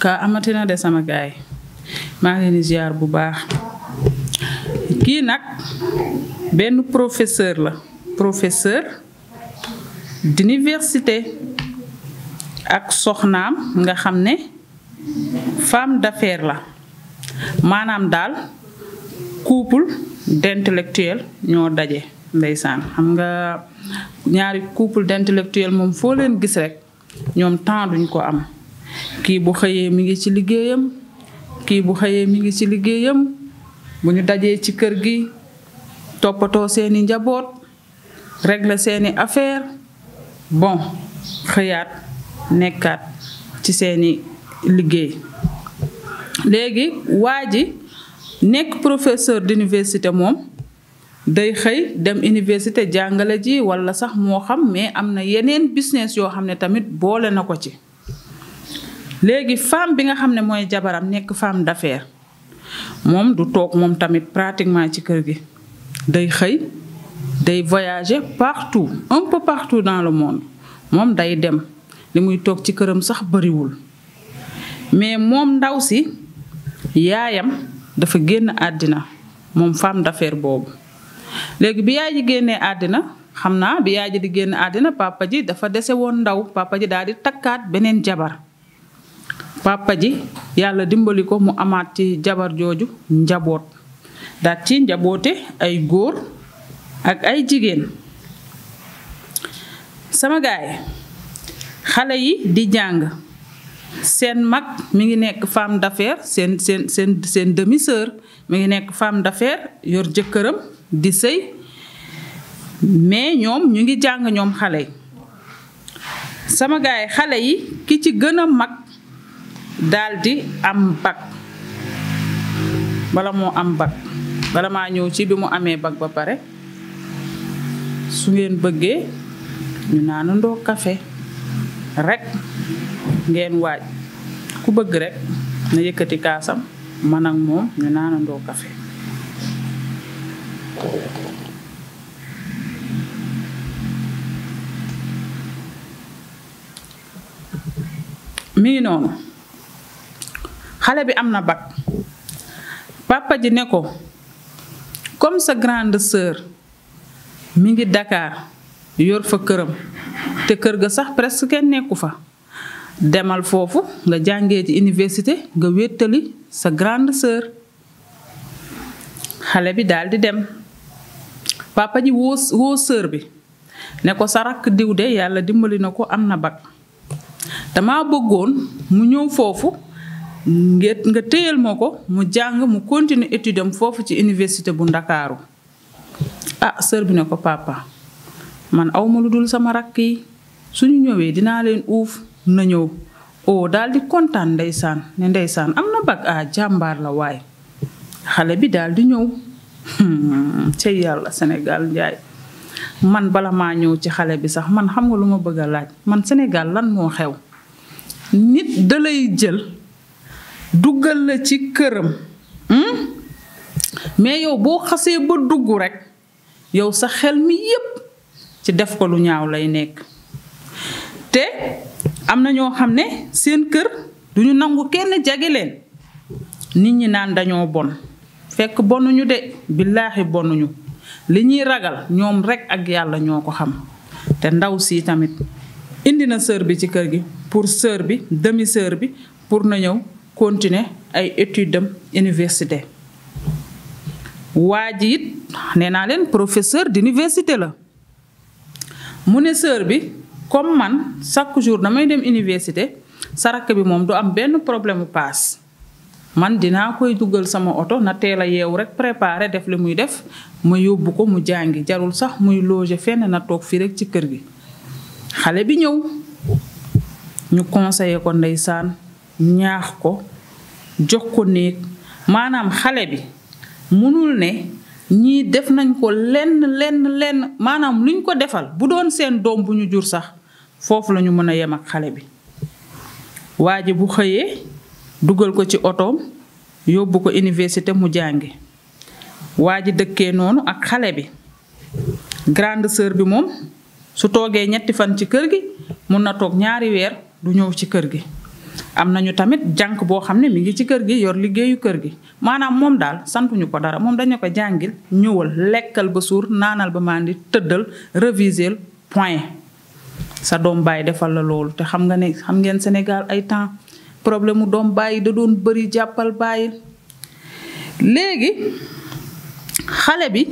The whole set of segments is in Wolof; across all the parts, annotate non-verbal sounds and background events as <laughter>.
ka amatina de sama gaay maa ngi leen di bu baax kii nag benn professeur la professeur d'université ak soxnaam nga xam ne femme d'affaires la maanaam daal couple d'intellectuels ñoo daje ndeysaan xam nga ñaari couple d'intellectuels moom foo leen gis rek ñoom temps duñ ko am kii bu xëyee mi ngi ci liggéeyam kii bu xëyee mi ngi ci liggéeyam bu ñu dajee ci kër gi toppatoo seeni njaboot régler seeni affaire bon xëyaat nekkaat ci seeni liggéey léegi waa ji nekk professeur d'université moom day xëy dem université jàngale ji walla sax moo xam mais am na yeneen business yoo xam ne tamit boole na ko ci léegi femme bi nga xam ne mooy jabaram nekk femme d'affaires moom du toog moom tamit pratiquement ci kër gi day xëy day voyager partout un peu partout dans le monde moom day dem li muy toog ci këram sax bariwul mais moom ndaw si yaayam dafa génn àddina moom femme d'affaires boobu léegi bi yaay ji génnee àddina xam naa bi yaay ji di génn àddina papa ji dafa dese woon ndaw papa ji daal di takkaat beneen jabar papa ji yàlla dimbali ko mu amaat ci jabar jooju njaboot daat ci njaboote ay góor ak ay jigéen sama gaay xale yi di jàng seen mag mi ngi nekk femme d'affaires seen seen seen seen demi sœur mi ngi nekk femme d'affaires yor jëkkëram di sëy mais ñoom ñu ngi jàng ñoom xale yi sama gaay xale yi ki ci gën mag daldi am bac bala moo am bac bala maa ñëw ci bi mu amee bac ba pare su ngeen bëggee ñu naanandoo kafe rek ngeen waaj ku bëgg rek na yëkkati kaasam man ak moom ñu naanandoo café mi xale bi am na bac papa ji ne ko comme sa grande sœur mi ngi Dakar yor fa këram te kër ga sax presque kenn nekku fa demal foofu nga jàngee ci université nga wéttali sa grande sœur xale bi daal di dem papa ji woo woo sœur bi ne ko sa rakk diw de yàlla dimbali na ko am na bac dama bëggoon mu ñëw foofu ngeen nga téyal ma ko mu jàng mu continuer étude foofu ci université bu ndakaaru ah sër bi ne ko pàppa man awma lu dul sama rakk yi suñu ñëwee dinaa leen uuf na ñëw oo oh, daal di kontaan ndeysaan ne ndeysaan am na bag a ah, jàmbaar la waay xale bi daal di ñëw hmm, cey yàlla Sénégal njaay man bala maa ñëw ci xale bi sax man xam nga lu ma bëgg a laaj man senegal lan moo xew nit da jël duggal la ci këram hmm? mais yow boo xasee ba dugg rekk yow sax xel mi yépp ci def ko lu ñaaw lay nekk te am na ñoo xam ne seen kër duñu nangu kenn jege leen nit ñi naan dañoo bon fekk bonuñu de billaahi bonuñu li ñuy ragal ñoom rekk ak yàlla ñoo ko xam te ndaw sii tamit indi na sœur bi ci kër gi pour sœur bi demi sœur bi pour na ñëw continuer ay études am université waa ji it nee naa leen professeur d'université la mu ne sœur bi comme man chaque jour damay dem université sa bi moom du am benn problème paas man dinaa koy dugal sama oto na teel a yeew rek préparer def li muy def ma yóbbu ko mu jàngi jarul sax muy loge fenn na toog fii rek ci kër gi xale bi ñëw ñu conseiller ko ndeysaan ñaax ko jox ko néeg maanaam xale bi mënul ne ñii def nañ ko lenn lenn lenn maanaam luñ ko defal bu doon seen doom bu ñu jur sax foofu lañu mën a yem ak xale bi waa ji bu xëyee dugal ko ci otoom yóbbu ko université mu jànge waa ji dëkkee noonu ak xale bi grande sœur bi moom su toogee ñetti fan ci kër gi mun na toog ñaari weer du ñëw ci kër gi am nañu tamit jànk boo xam ne mi ngi ci kër gi yor liggéeyu kër gi maanaam moom daal santuñu ko dara moom dañu ko jàngil ñëwal lekkal ba suur naanal ba màndi tëddal réviser point sa doom bàyyi defal la loolu te xam nga ne xam ngeen Sénégal ay temps problème mu doom bàyyi da doon bari jàppal bàyyi léegi xale bi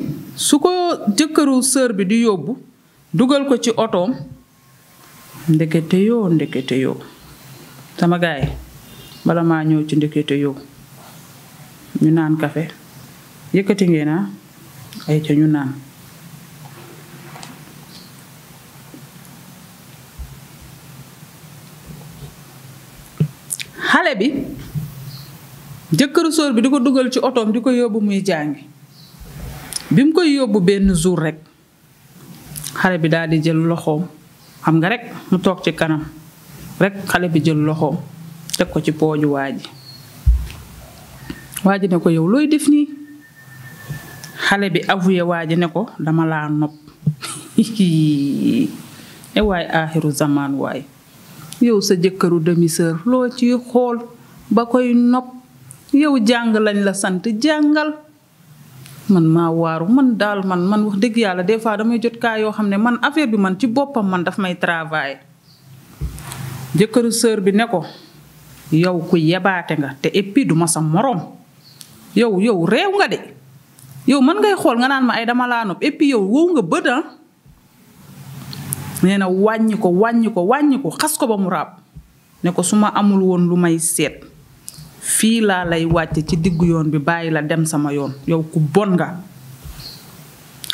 su ko jëkkëru sër bi di yóbbu dugal ko ci otoom ndekete yoo ndekete yoo sama gaay bala ma ñëw ci ndekete yow ñu naan kafe yëkkati ngeen ah ay ca ñu naan xale bi jëkkëru sóor bi di ko dugal ci otoom di ko yóbbu muy jàngi bi mu koy yóbbu benn jour rekk xale bi daal jël loxoom xam nga rekk mu toog ci kanam rek xale bi jël loxoom teg ko ci pooju waa ji waa ji ne ko yow looy def nii xale bi avoué waa ji ne ko dama laa nopp <laughs> e waay aaxiru zamaan waay yow sa jëkkëru demi loo ci xool ba koy nopp yow jàng lañ la sant jàngal man maa waaru man daal man man wax dëgg yàlla de fois damay jot kaa yoo xam ne man affaire bi man ci boppam man daf may travailler jëkkëru sœur bi ne ko yow ku yebaate nga te éppi du ma sa moroom yow yow réew nga de yow mën ngay xool nga naan ma ay dama laa nopp éppi yow wow nga bët ah. nee na wàññi ko wàññi ko wàññi ko xas ko ba mu raab ne ko su ma amul woon lu may seet fii laa lay wàcce ci diggu yoon bi bàyyi la dem sama yoon yow ku bon nga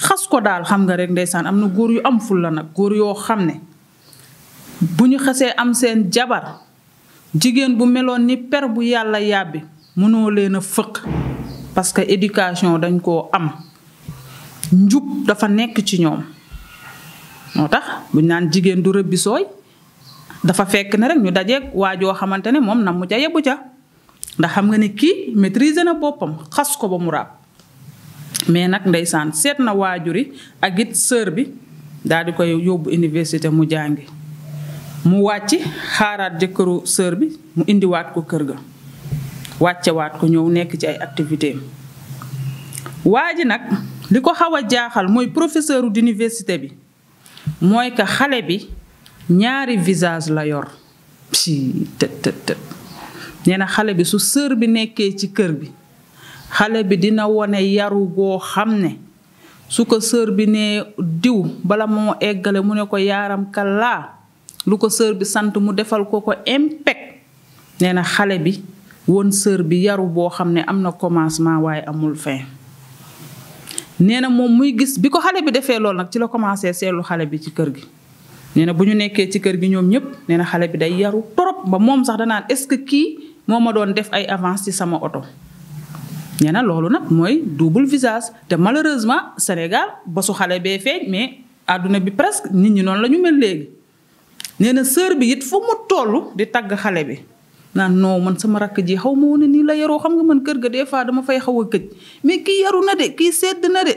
xas ko daal xam nga rek ndeysaan am na góor yu am ful la nag góor yoo xam ne bu ñu xasee am seen jabar jigéen bu meloon ni per bu yàlla yàbbi mënoo leen a fëq parce que éducation dañ koo am njub dafa nekk ci ñoom moo tax buñ naan jigéen du rëbbi sooy dafa fekk ne rek ñu dajeeg waa joo xamante ne moom na mu ca yebu ca ndax xam nga ni kii maîtriser na boppam xas ko ba mu raab mais nag ndeysaan seet na waajuri ak it sër bi daal di koy yóbbu université mu jàngi mu wàcc xaaraat jëkkëru sër bi mu indiwaat ko kër ga wàccewaat ko ñëw nekk ci ay activité waa ji nag li ko xaw a jaaxal mooy professeuru d'université bi mooy que xale bi ñaari visage la yor pii na xale bi su sër bi nekkee ci kër bi xale bi dina wone yaru goo xam ne su ko sër bi nee diw bala moo eggale mu ne ko yaaram kallaa lu ko sër bi sant mu defal ko ko impact nee na xale bi woon sër bi yaru boo xam ne am na commencement waaye amul fin nee na moom muy gis bi ko xale bi defee lool nag ci la commencé seetlu xale bi ci kër gi nee na bu ñu nekkee ci kër gi ñoom ñëpp nee na xale bi day yaru trop ba moom sax danaan est-ce que kii moo ma doon def ay avance ci sama oto nee loolu nag mooy double visage te malheureusement Sénégal ba su xale bee feeñ mais àdduna bi presque nit ñi noonu la ñu mel léegi nee na sœur bi it fu mu toll di tagg xale bi naan non man sama rakk ji xaw ma woon nii la yaroo xam nga man kër ga dee fois dama fay xaw a këj mais kii yaru na de kii sedd na de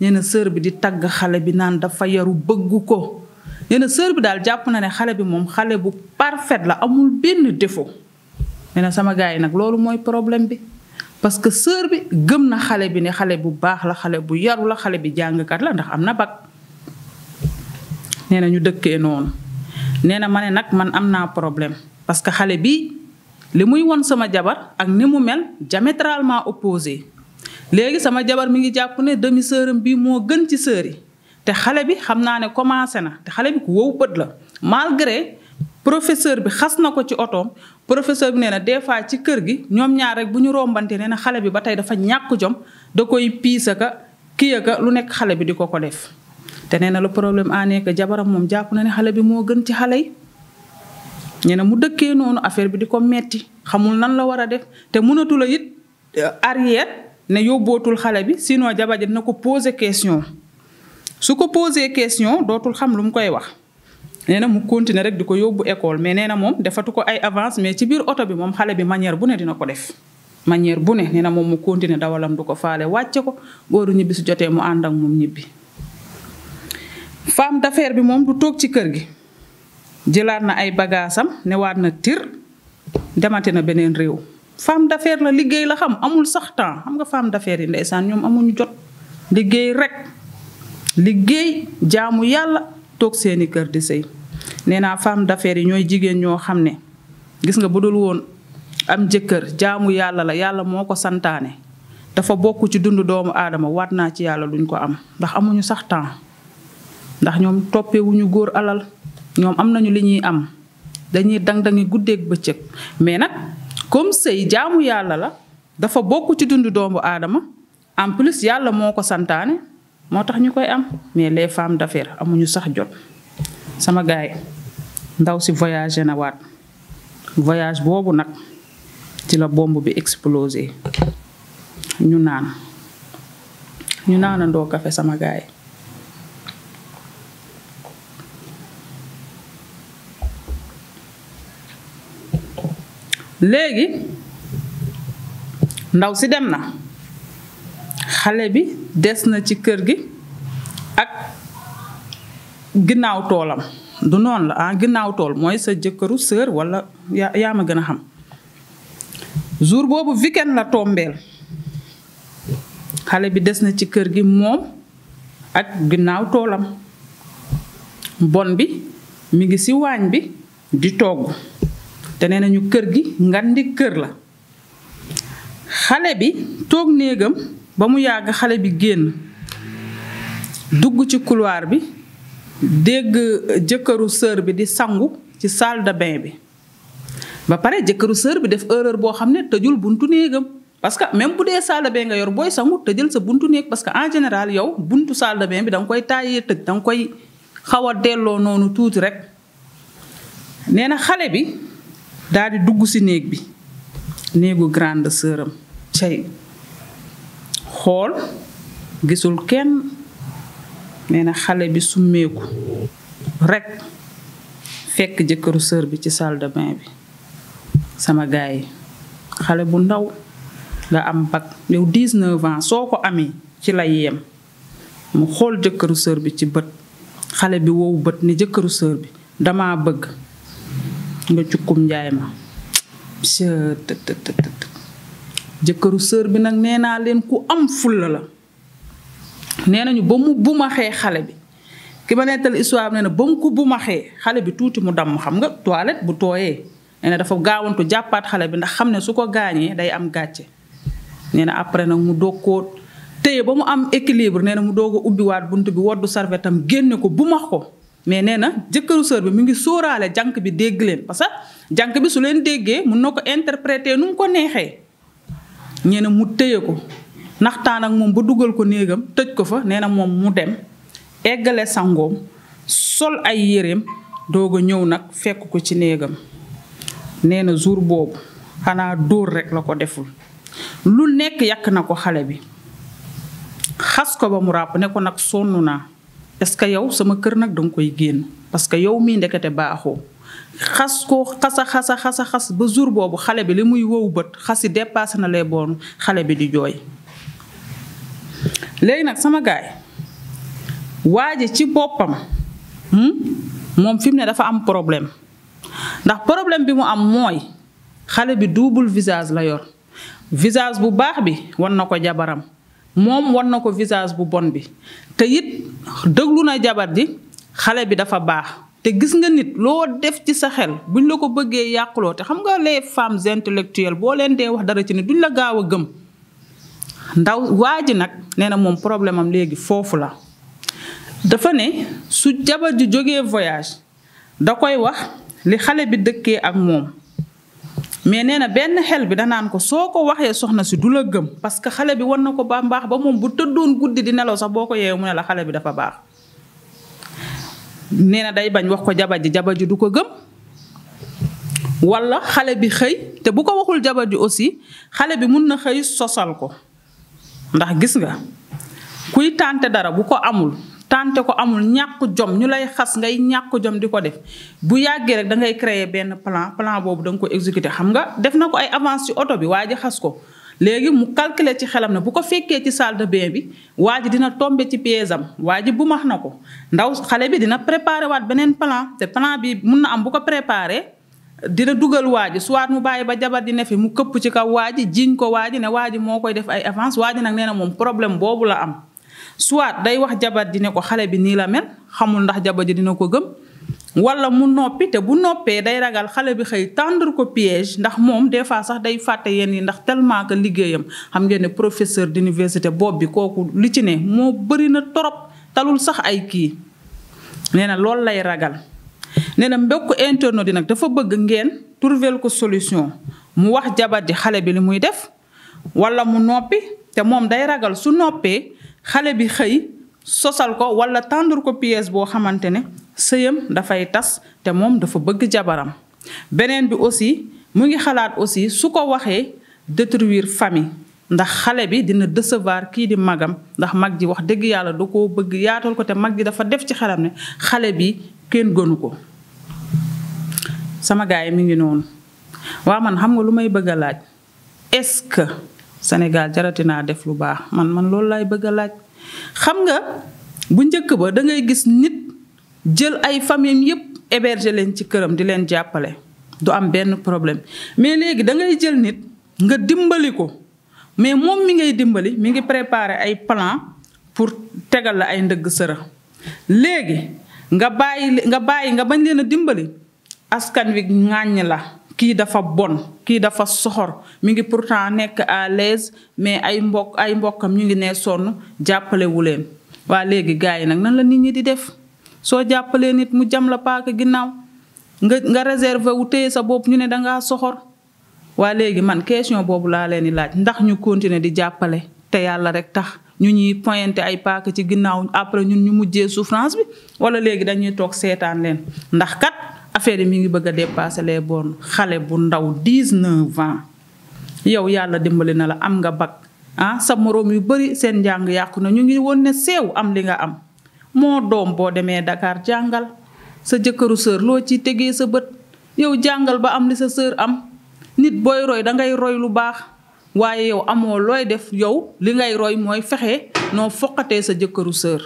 nee na sœur bi di tagg xale bi naan dafa yaru bëgg ko nee sër bi daal jàpp na ne xale bi moom xale bu parfait la amul benn défaut nee na sama gars yi nag loolu mooy problème bi parce que sœur bi gëm na xale bi ne xale bu baax la xale bu yaru la xale bi jàngkat la ndax am na bac nee na ñu dëkkee noonu nee na ma ne nag man am naa problème parce que xale bi li muy won sama jabar ak ni mu mel diamétralement opposé léegi sama jabar mi ngi jàpp ne demi sœuram bi moo gën ci sœur yi te xale bi xam naa ne commencé na te xale bi ku wow bët la malgré professeur bi xas na ko ci otoom professeur bi nee na des fois ci kër gi ñoom ñaar rek bu ñu rombante nee na xale bi ba tey dafa ñàkk jom da koy piis ka kii aka lu nekk xale bi di ko ko def te nee na le problème en est que jabaram moom jàpp na ne xale bi moo gën ci xale yi nee mu dëkkee noonu affaire bi di ko metti xamul nan la war a def te mënatul a it euh, arrière ne yóbbootul xale bi sinon jabar ji dina ko poser question su ko posé question dootul xam lu mu koy wax. nee na mu continuer rek di ko yóbbu école mais nee na moom defatu ko ay avance mais ci biir oto bi moom xale bi manière bu ne dina ko def. manière bu ne nee na moom mu continuer dawalam du ko faale wàcce ko góoru ñibbi su jotee mu ànd ak moom ñibbi. femme d'affaires bi moom du toog ci kër gi jëlaat na ay bagaasam newaat na tir demati na beneen réew femme d'affaires la liggéey la xam amul sax temps xam nga femme d'affaires yi ndeysaan ñoom amuñu jot liggéey rek liggéey jaamu yàlla toog seeni kër di sëy nee naa femme d'affaires yi ñooy jigéen ñoo xam ne gis nga bu dul woon am jëkkër jaamu yàlla la yàlla moo ko santaane dafa bokk ci dund doomu aadama waat naa ci yàlla luñ ko am ndax amuñu sax temps ndax ñoom toppewuñu góor alal ñoom am nañu li ñuy am dañuy dang-dangi guddeeg bëccëg mais nag comme sëy jaamu yàlla la dafa bokk ci dundu doomu aadama en plus yàlla moo ko santaane moo tax ñu koy am mais les femmes d'affaires amuñu sax jot sama gaay ndaw si voyagé na waat voyage boobu nag ci la bomb bi explosé ñu naan ñu naanandoo kafe sama gaay léegi ndaw si dem na xale bi des na ci kër gi ak ginnaaw toolam du noonu la ah ginnaaw tool mooy sa jëkkëru sër walla yaa yaa gën a xam jour boobu weekend la tombeel xale bi des na ci kër gi moom ak ginnaaw toolam bon bi mi ngi ci waañ bi di togg te nee nañu kër gi ngandi kër la xale bi toog néegam ba mu yàgg xale bi génn dugg ci couloir bi dégg jëkkëru sër bi di sangu ci salle bain bi ba pare jëkkëru sër bi def erreur boo xam ne tëjul buntu néegam parce que même bu dee salle de nga yor booy sangu tëjal sa buntu néeg parce que en général yow buntu salle de bi danga koy taayee tëj da nga koy xaw a delloo noonu tuuti rek nee na xale bi daal di dugg ci néeg bi néegu grande sœur am cay xool gisul kenn nee xale bi summeeku rekk fekk jëkkëru sœur bi ci saldebin bi sama gaay yi xale bu ndaw nga am bac yow 19 ans soo ko amee ci la yem mu xool jëkkëru sœur bi ci bët xale bi wow bët ne jëkkëru sœur bi dama bëgg nga cukkum njaay ma jëkkëru sër bi nag nee naa leen ku am fulla la nee nañu ba mu bumaxee xale bi ki ma nettal histoire nee na ba mu ko bumaxee xale bi tuuti mu damm xam nga toilette bu tooyee nee na dafa gaawantu jàppaat xale bi ndax xam ne su ko gaañee day am gàcce nee na après nag mu dog ko téye ba mu am équilibre nee na mu doog a ubbiwaat bunt bi woddu sarvetam génne ko bumax ko mais nee na jëkkëru sœur bi mu ngi sóoraale jànq bi dégg leen parce que jànq bi su leen déggee mun na ko interpréter nu mu ko neexee nee mu téye ko naxtaan moom ba dugal ko néegam tëj ko fa nee na moom mu dem eggale sangoom sol ay yéreem doog a ñëw nag fekk ko ci néegam nee na jour boobu xanaa dóor rekk la ko deful lu nekk yàq na ko xale bi xas ko ba mu ràpp ne ko nag sonn naa est-ce que yow sama kër nag danga koy génn parce que yow mii ndekete baaxu xas ko xasa xasa xasa xas ba jour boobu xale bi li muy wow bët xasi dépassé na les bornes xale bi di jooy léegi nag sama gaay waaje ci boppam hmm, moom fi mu ne dafa am problème ndax problème bi mu am mooy xale bi duubul visage la yor visage bu baax bi wan na ko jabaram moom wan na ko visage bu bon bi te it déglu na jabar ji xale bi dafa baax te gis nga nit loo def ci sa xel buñ la ko bëggee yàquloo te xam nga les femmes intellectuelles boo leen dee wax dara ci ne duñ la gaaw a gëm ndaw waa ji nag nee na moom problème am léegi foofu la dafa ne su jabar ji jógee voyage da koy wax li xale bi dëkkee ak moom mais nee na benn xel bi danaan ko soo ko waxee soxna si du la gëm parce que xale bi wan na ko ba mbaax ba moom bu tëddoon guddi di nelaw sax boo ko yeewee mu ne la xale bi dafa baax nee na day bañ wax ko jabar ji jabar ji du ko gëm wala xale bi xëy te bu ko waxul jabar ji aussi xale bi mun na xëy sosal ko ndax gis nga kuy tànte dara bu ko amul tante ko amul ñàkk jom ñu lay xas ngay ñàkk jom di ko def bu yàggee rek da créer benn plan plan boobu danga nga ko exécuter xam nga def na ko ay avance ci oto bi waa xas ko. léegi mu calculer ci xelam ne bu ko fekkee ci salle de bi waa dina tombe ci piège waaji bu max na ko ndaw xale bi dina préparer waat beneen plan te plan bi mun na am bu ko préparer dina dugal waa ji soit mu bàyyi ba jabar ji ne fi mu këpp ci kaw waa ji jiñ ko waa ne waa ji moo koy def ay avance waa ji nag nee moom problème boobu la am. soit day wax jabar ji ne ko xale bi nii la mel xamul ndax jabar ji dina ko gëm wala mu noppi te bu noppee day ragal xale bi xëy tendre ko piège ndax moom des fois sax day fàtte yenn yi ndax tellement que liggéeyam xam ngeen ne professeur d'université bopp bi kooku lu ci ne moo bëri na torop talul sax ay kii nee na loolu lay ragal nee na mbokk internet yi nag dafa bëgg ngeen trouver ko solution mu wax jabar ji xale bi li muy def wala mu noppi te moom day ragal su noppee xale bi xëy sosal ko wala tendre ko pièce boo xamante ne sëyam dafay tas te moom dafa bëgg jabaram beneen bi aussi mu ngi xalaat aussi su ko waxee détruire famille ndax xale bi dina décevoir kii di magam ndax mag ji wax dëgg yàlla du ko bëgg yaatal ko te mag ji dafa def ci xelam ne xale bi kenn gënu ko sama gaay mi ngi noonu waa man xam nga lu may bëgg laaj est Sénégal jarati naa def lu baax man man loolu laay bëgg a laaj xam nga bu njëkk ba dangay gis nit jël ay famille yépp héberger leen ci këram di leen jàppale du am benn problème mais léegi da ngay jël nit nga dimbali ko mais moom mi ngay dimbali mi ngi préparer ay plan pour tegal la ay ndëgg sëra léegi nga bàyyi nga bàyyi nga bañ leen a dimbali askan wi ŋàññ la kii dafa bon kii dafa soxor mu ngi pourtant nekk à l'aise mais ay mbokk ay mbokkam ñu ngi nee sonn jàppalewu leen waa léegi gars yi nag nan la nit ñi di def soo jàppalee nit mu jam la paaka ginnaaw nga nga réservé wu téye sa bopp ñu ne dangaa soxor waa léegi man question boobu laa leen di laaj ndax ñu continuer di jàppale te yàlla rek tax ñu ñuy pointé ay paaka ci ginnaaw après ñun ñu mujjee souffrance bi wala léegi dañuy toog seetaan leen ndax kat affaire yi mi ngi bëgg a dépasser les bon xale bu ndaw 19 ans yow yàlla dimbali na la am nga bac ah sa moroom yu bari seen njàng yàqu na ñu ngi woon ne seew am li nga am moo doom boo demee Dakar jàngal sa jëkkëru sër loo ci tegee sa bët yow jàngal ba am li sa sër am nit booy roy dangay roy lu baax waaye yow amoo looy def yow li ngay roy mooy fexe noo foqatee sa jëkkëru sër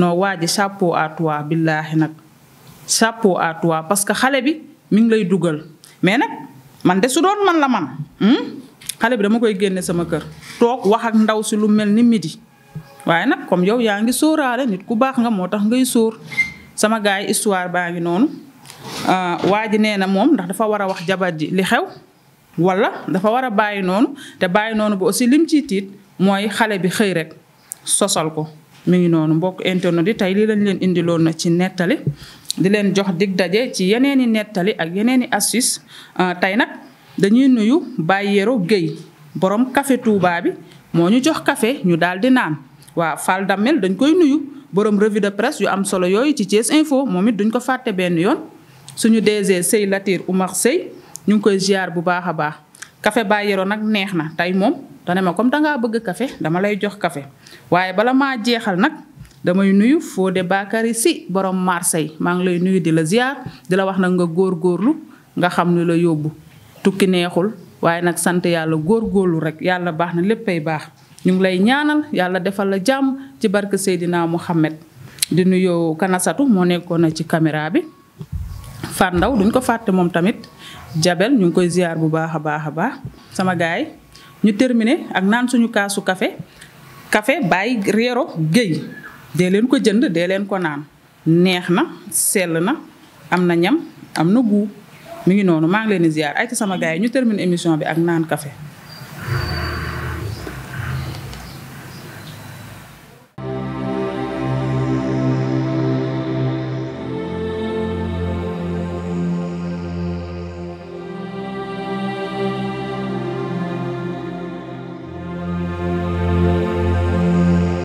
noo waa ji chapeau à billaahi nag chapeau à toi parce que xale bi mi ngi lay dugal mais nag man de su doon man la man hmm? xale bi dama koy génne sama kër toog wax ak ndaw si lu mel ni midi waaye nag comme yow yaa ngi sóoraale nit ku baax nga moo tax ngay sóor sama gars yi histoire baa ngi noonu euh, waa ji nee na moom ndax dafa war a wax jabar ji li xew wala dafa war a bàyyi noonu te bàyyi noonu bi aussi lim ciy tiit mooy xale bi xëy rek sosal ko mu ngi noonu mbokk internet yi tey lii lañ leen indiloon na ci nettali di leen jox dig daje ci yeneen i nettali ak yeneen i astuce ah, tey nag dañuy nuyu Baye Yero Guèye borom kafe Touba bi moo ñu jox kafe ñu daal di naan waa Fall Damel dañ koy nuyu borom revue de presse yu am solo yooyu ci Thiès Info moom it duñ ko fàtte benn yoon suñu DG Sey Latir Oumar Sey ñu ngi koy ziar bu baax a baax kafe Baye Yero nag neex na tey moom dane ma comme dangaa bëgg kafe dama lay jox kafe waaye bala maa jeexal nag damay nuyu Fodé Bakary si borom Marseille maa ngi lay nuyu di la ziar di la wax nag nga góor góorlu nga xam ni la yóbbu tukki neexul waaye nag sant yàlla góor góorlu rek yàlla baax na léppay baax ñu ngi lay ñaanal yàlla defal la jàmm ci barke Seydina Mouhamed di nuyu Kanasatu moo nekkoon na ci caméra bi Fat Ndaw duñ ko fàtte moom tamit Jabel ñu ngi koy ziar bu baax a baax a baax sama gaay ñu termine ak naan suñu kaasu café kafe baay Réero Guèye de leen ko jënd dee leen ko naan neex na sell na am na ñam am na guu mi ngi noonu maa ngi leen di ziar ay ci sama gars yi ñu termine émission bi ak naan kafe